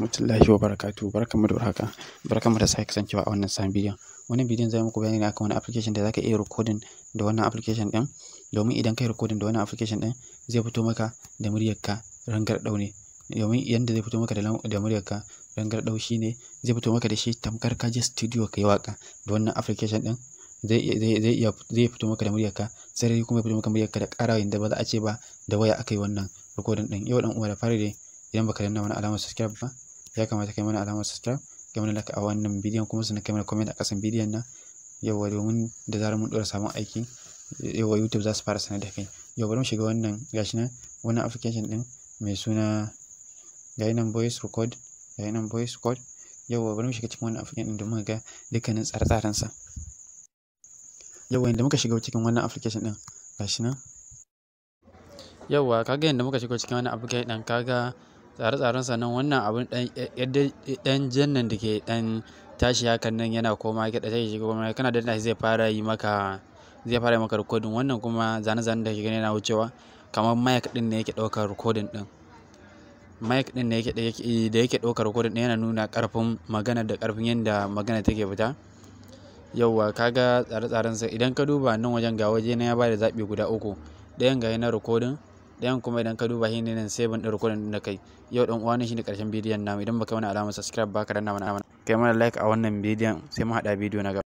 rahmatullahi wa barakatuh barkamu da warhaka barkamu da sake kasancewa a wannan sabon bidiyon wannan bidiyon zai muku bayani ne akan wani application da zaka iya recording da wannan application din domin idan kai recording da wannan application din zai fito maka da muryarka rangar daune domin yanda zai fito maka da da muryarka rangar dau shine zai fito maka da shi tamkar ka je studio kai waka da wannan application din zai zai iya zai fito maka da muryarka sai kuma ya fito maka muryarka da ƙara da ba za a ce ba da waya akai wannan recording din yau dan uwa da fari dai idan baka danna wani alamar subscribe ba ya kamata kai mana alamar subscribe kai mana like a wannan bidiyon kuma sannan kai mana comment a ƙasan bidiyon nan yawa domin da zarar mun ɗora samun aiki yawa youtube za su fara sanar da kai yau bari mu shiga wannan gashi nan wannan application ɗin mai suna gayi nan voice record gayi nan voice record yawa bari mu shiga cikin wannan application ɗin domin ga dukkanin tsare tsaren sa yawa yadda muka shiga cikin wannan application ɗin gashi nan yauwa kaga yanda muka shiga cikin wannan application kai kaga tsare-tsaren sannan wannan abin dan eh, eh, jannan da ke dan tashi hakan nan yana koma ya tashi shiga kuma kana da shi zai fara yi maka zai fara yi maka recording wannan kuma zane-zanen da ke gani yana wucewa kamar mic din ne yake ɗaukar recording din mic din ne yake da yake ɗaukar recording din yana nuna karfin magana da karfin yanda magana take fita yauwa kaga tsare-tsaren sa idan ka duba nan wajen ga waje na ya bada zaɓi guda uku ɗayan ga na recording ɗayan kuma idan ka duba shi ne nan ko ɗin rikodin da kai yau ɗan uwa shi ne ƙarshen bidiyon namu idan baka mana alamar subscribe baka danna mana kai mana like a wannan bidiyon sai mu haɗa bidiyo na gaba